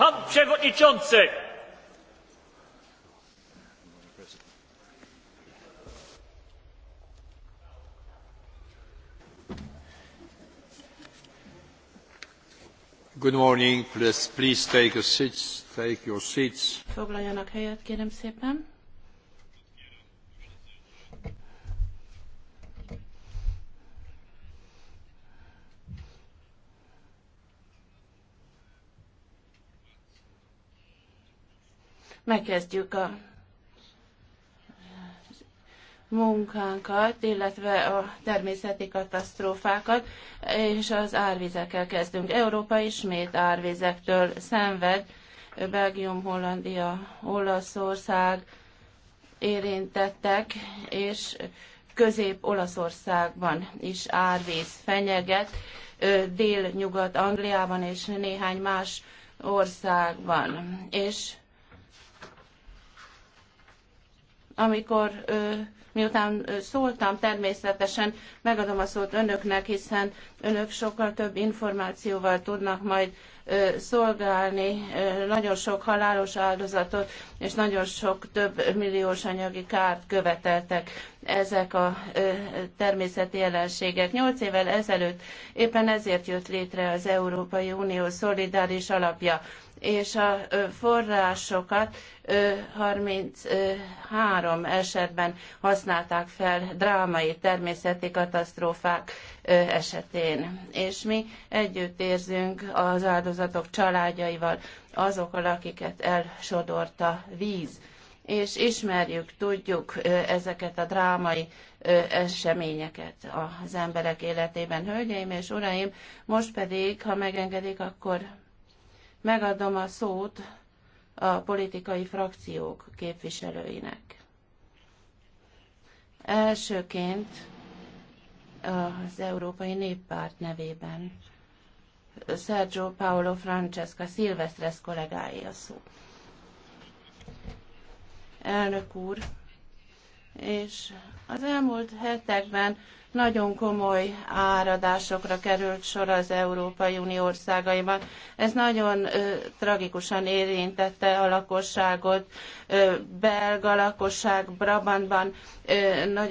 Pan Przewodniczący! Good morning, please, please take, a seat, take your seats. Foglaljanak helyet, kérem szépen. megkezdjük a munkánkat, illetve a természeti katasztrófákat, és az árvizekkel kezdünk. Európa ismét árvizektől szenved, Belgium, Hollandia, Olaszország érintettek, és Közép-Olaszországban is árvíz fenyeget, dél-nyugat Angliában és néhány más országban. És amikor miután szóltam, természetesen megadom a szót önöknek, hiszen önök sokkal több információval tudnak majd szolgálni nagyon sok halálos áldozatot és nagyon sok több milliós anyagi kárt követeltek ezek a természeti jelenségek. Nyolc évvel ezelőtt éppen ezért jött létre az Európai Unió szolidáris alapja és a forrásokat 33 esetben használták fel drámai természeti katasztrófák esetén. És mi együtt érzünk az áldozatokat, áldozatok családjaival, azokkal, akiket elsodort a víz. És ismerjük, tudjuk ezeket a drámai eseményeket az emberek életében. Hölgyeim és uraim, most pedig, ha megengedik, akkor megadom a szót a politikai frakciók képviselőinek. Elsőként az Európai Néppárt nevében Sergio Paolo Francesca Silvestres kollégái a szó. Elnök úr, és az elmúlt hetekben nagyon komoly áradásokra került sor az Európai Unió országaiban. Ez nagyon ö, tragikusan érintette a lakosságot, ö, belga lakosság Brabantban ö, nagyon